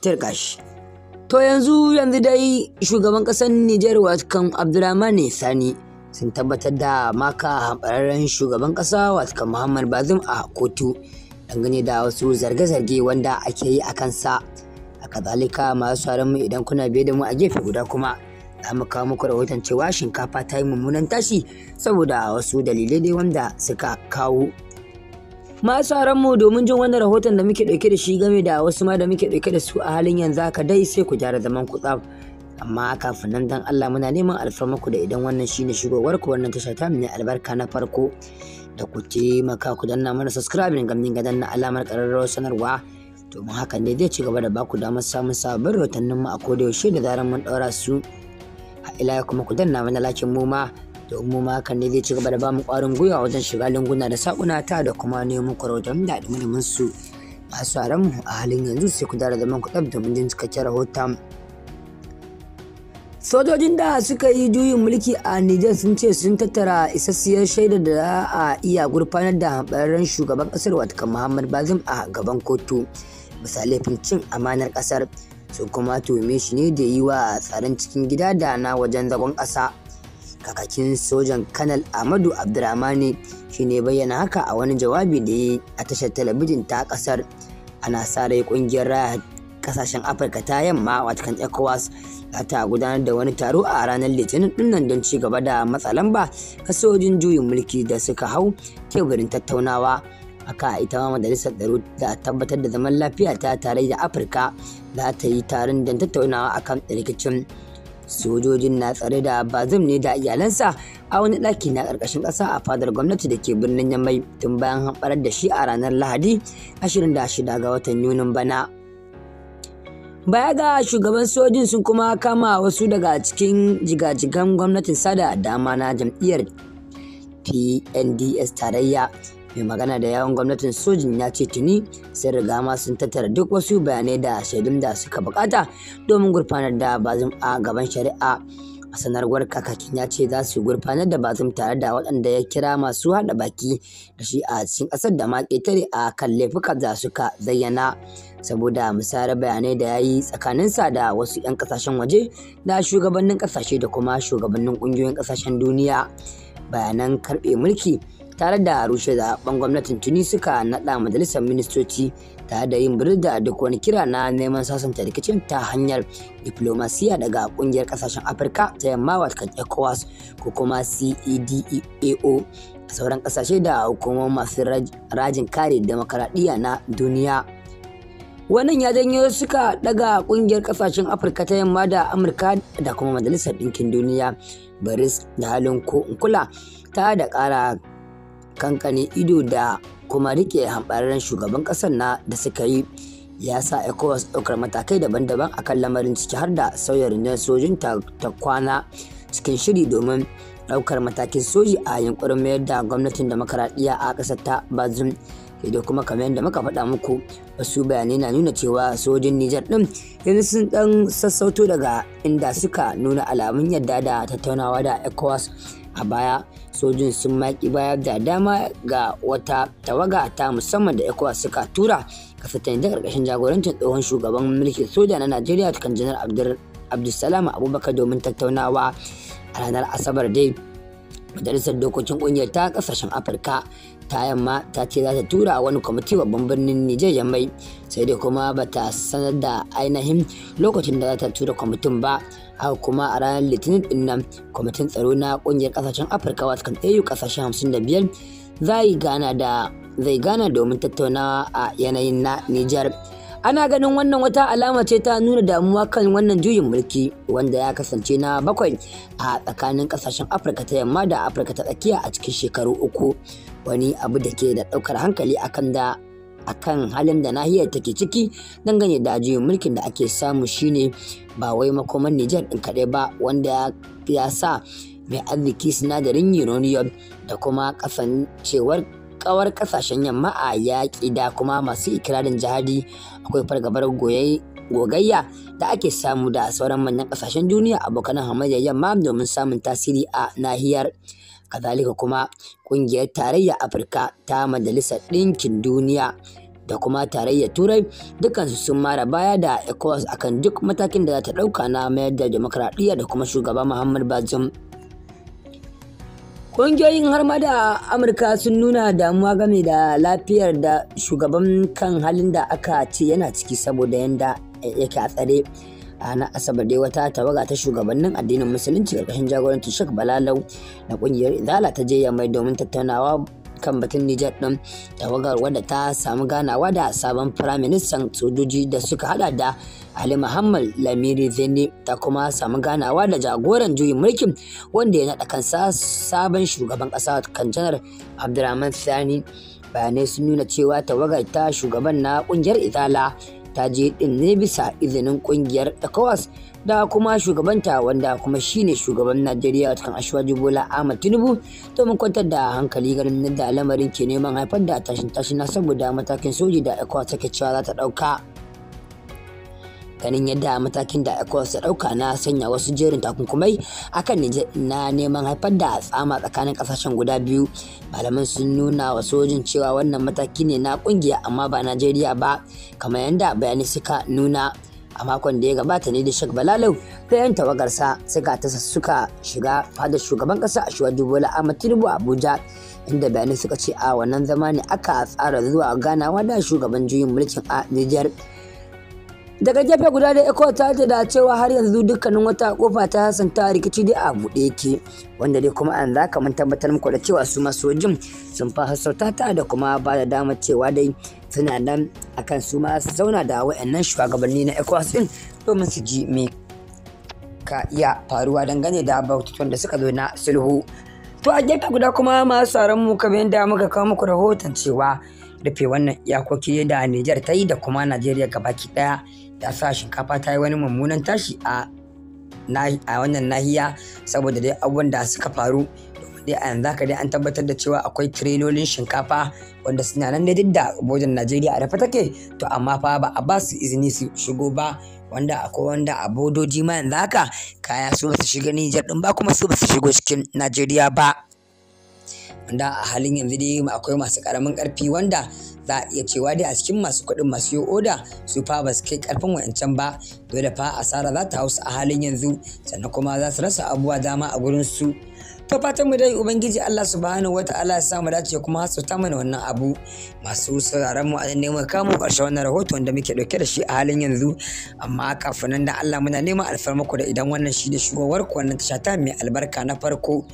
tirka to yanzu yanzu dai shugaban ƙasar Nijar watkan Abdulrahman Sani sun tabbatar da maka hamɓararren shugaban ƙasa watkan Muhammad Bazum a kotu dangane da wasu zarge-zarge wanda ake yi a kansa a kazalika masu mu idan kuna biye da mu a gefe guda kuma za mu kawo muku rahoton cewa shinkafa ta yi mummunan tashi saboda wasu dalilai dai wanda suka kawo masu mu domin jin wannan rahoton da muke ɗauke da shi game da wasu ma da muke ɗauke da su a halin yanzu haka dai sai ku gyara zaman ku tsaf amma kafin nan dan Allah muna neman alfarmaku da idan wannan shine shigowar ku wannan tasha ta mu albarka na farko da ku taimaka ku danna mana subscribing gamin ga danna alamar ƙararrawar sanarwa domin hakan ne zai ci gaba da baku damar samun sabbin rahotannin mu a kodayaushe da zaran mun ɗaura su ila kuma ku danna mana lakin mu ma domin ma hakan ne zai ci gaba da bamu ƙwarin gwiwa wajen shiga linguna da sakuna ta da kuma neman kwarautan da da su masu a mu a halin yanzu sai ku dara zaman ku ɗab mun cikakken rahoton. sojojin da suka yi juyin mulki a Nijar sun ce sun tattara isassiyar shaidar da za a iya gurfanar da hambararren shugaban kasar watka Muhammad Bazum a gaban kotu misali laifin cin amanar kasar su kuma tuhume shi ne da yi wa tsarin cikin gida da na wajen zagon ƙasa. kakakin sojan kanal amadu shi shine bayyana haka a wani jawabi da ya a tashar talabijin ta kasar ana sa rai kungiyar raya kasashen afirka ta yamma watakan ecowas za ta gudanar da wani taro a ranar litinin dinnan don ci gaba da ba, ga sojin juyin mulki da suka hau teburin tattaunawa haka ita ma majalisar tsaro da tabbatar da zaman lafiya ta tare da afirka za ta yi taron don tattaunawa akan rikicin sojojin na tsare da bazum ne da iyalansa a wani ɗaki na ƙarƙashin ƙasa a fadar gwamnati da ke birnin yamai tun bayan hamɓarar da shi a ranar lahadi 26 ga watan yunin bana baya ga shugaban sojin sun kuma kama wasu daga cikin jigajigan gwamnatin sada dama na jam'iyyar pnds tarayya mai magana da yawon gwamnatin sojin ya ce tuni sun riga ma sun tattara duk wasu bayanai da shaidun da suka bukata domin gurfanar da bazum a gaban shari'a a sanarwar kakakin ya ce za su gurfanar da bazum tare da waɗanda ya kira masu haɗa baki da shi a cikin ƙasar da ma ƙetare a kan laifuka da suka zayyana saboda misara bayanai da ya yi tsakaninsa da wasu 'yan ƙasashen waje da shugabannin ƙasashe da kuma shugabannin ƙungiyoyin ƙasashen duniya bayanan karɓe mulki tare da rushe da ban gwamnatin tuni suka naɗa majalisar ministoci tare da yin birda da duk wani kira na neman sasanta rikicin ta hanyar diplomasiya daga kungiyar kasashen afirka ta yamma watakan ecowas ko kuma cedeao a sauran kasashe da hukumar masu rajin kare demokaradiyya na duniya wannan ya janyo suka daga kungiyar kasashen afirka ta yamma da amurka da kuma majalisar ɗinkin duniya baris da halin ko kula ta da kara kankani ido da kuma rike hambararren shugaban kasar na da suka yi ya sa ecowas ɗaukar matakai daban-daban a kan lamarin ciki har da sauya rundunar sojin ta kwana cikin shiri domin ɗaukar matakin soji a yunkurin mayar da gwamnatin demokaradiyya a ƙasar ta bazin sai kuma kamar yadda muka faɗa muku wasu bayanai na nuna cewa sojin Nijar ɗin yanzu sun ɗan sassauto daga inda suka nuna alamun yadda da tattaunawa da ECOWAS a baya sojin sun maki bayar da dama ga wata tawaga ta musamman da ecowas suka tura ga ta da karkashin jagorancin tsohon shugaban mulkin soja na najeriya kan janar abdulsalam abubakar domin tattaunawa a ranar asabar dai majalisar dokokin kungiyar ta kasashen afirka ta yamma ta ce za ta tura wani kwamiti babban birnin Nijar yammai sai dai kuma ba ta sanar da ainihin lokacin da za ta tura kwamitin ba haka kuma a ranar litinin din kwamitin tsaro na kungiyar kasashen afirka wasu kan tsayu kasashen hamsin zai gana da zai gana domin tattaunawa a yanayin na Nijar. ana ganin wannan wata alama ce ta nuna damuwa kan wannan juyin mulki wanda ya kasance na bakwai a tsakanin kasashen afirka ta yamma da afirka ta tsakiya a cikin shekaru uku wani abu da ke da ɗaukar hankali akan kan halin da nahiyar take ciki dangane da juyin mulkin da ake samu shine ba wai makoman Nijar ɗin kaɗai ba wanda ya sa mai arziki sinadarin uranium da kuma kasancewar kawar kasashen yamma a yaƙi da kuma masu ikirarin jihadi akwai fargabar gogayya da ake samu da sauran manyan kasashen duniya abokan hamayya yamma domin samun tasiri a nahiyar Kazalika kuma kungiyar tarayyar Afirka ta Majalisar Ɗinkin Duniya da kuma tarayyar Turai dukansu sun mara baya da ECOWAS akan duk matakin da za ta ɗauka na mayar da demokradiyya da kuma shugaba Muhammad bazum Ƙungiyoyin har ma da Amurka sun nuna damuwa game da lafiyar da shugaban kan halin da aka ce yana ciki saboda yanda yake a tsare. a ranar asabar dai wata tawaga ta shugabannin addinin musulunci karkashin jagorancin shek balalau na ƙungiyar izala ta je mai domin tattaunawa kan batun Nijar ɗin tawagar wadda ta samu ganawa da sabon firaministan sojoji da suka hada da Ali Muhammad Lamiri zini ta kuma samu ganawa da jagoran juyin mulkin wanda ya naɗa kansa sabon shugaban ƙasa kan janar Abdulrahman Sani bayanai sun nuna cewa tawagar ta shugaban na ƙungiyar Izala. ta je ɗin ne bisa izinin ƙungiyar ECOWAS da kuma shugabanta wanda kuma shine shugaban Najeriya kan Ashwaji Bola Ahmad Tinubu domin kwantar da hankali ganin da lamarin ke neman haifar da tashin na saboda matakin soji da ECOWAS take cewa za ta ɗauka. ganin yadda matakin da ecowas ta dauka na sanya wasu jerin takunkumai akan na neman haifar da tsama tsakanin kasashen guda biyu malaman sun nuna wa sojin cewa wannan mataki ne na kungiya amma ba najeriya ba kamar yadda bayanai suka nuna a makon da ya gabata ne da shak Balalau ta yan tawagarsa suka tasa suka shiga fadar shugaban kasa a shuwa Bola a Abuja inda bayanai suka ce a wannan zama ne aka tsara zuwa ganawa da shugaban juyin mulkin a Nijar. daga gefe guda da eco ta da cewa har yanzu dukkanin wata kofa ta hassan ta rikici dai a buɗe yake wanda dai kuma an zaka mun tabbatar muku da cewa su masojin sun fa hasauta ta da kuma ba da dama cewa dai suna nan akan su ma su zauna da wayannan shugabanni na ecowas din domin su ji me ka iya faruwa dangane da bautun da suka zo na sulhu to a gefe guda kuma masu saran mu kamar yadda muka kawo muku rahoton cewa rufe wannan iyakoki da Nijar ta yi da kuma Najeriya gabaki daya ya sa shinkafa ta yi wani mummunan tashi a wannan nahiya saboda dai abubuwan da suka faru dai a yanzu haka dai an tabbatar da cewa akwai tirelolin shinkafa wanda suna nan ne duk da bojan najeriya a rafa take to amma fa ba a ba su izini su shigo ba wanda akwai wanda a bodoji ma yanzu haka kaya su basu shiga nijar din ba kuma su basu shigo cikin najeriya ba wanda a halin yanzu dai akwai masu karamin karfi wanda za a iya cewa dai a cikin masu kuɗin masu yi oda su fa ba su kai karfin wa'ancan ba dole fa asara za ta hausa a halin yanzu sannan kuma za su rasa abubuwa dama a gurin su to fatan mu dai ubangiji Allah subhanahu wataala ya samu dace kuma hasauta mana wannan abu masu sauraron mu a neman kamun karshe wannan rahoto wanda muke ɗauke da shi a halin yanzu amma kafin nan da Allah muna neman alfarmako da idan wannan shi da shigowar ku wannan tasha ta mai albarka na farko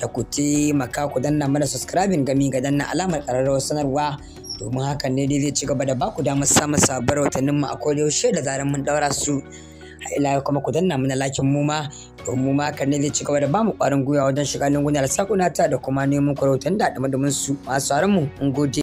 da ku taimaka ku danna mana subscribing gami ga danna alamar ƙararrawar sanarwa domin hakan ne dai zai ci gaba da baku damar samun sabbin rahotannin mu a kodayaushe da zaran mun daura su ila kuma ku danna muna lakin mu ma to mu ma kan ne zai ci gaba da bamu ƙwarin gwiwa wajen shiga lungunar sakunata da kuma neman kwarautan da da su masu mu mun gode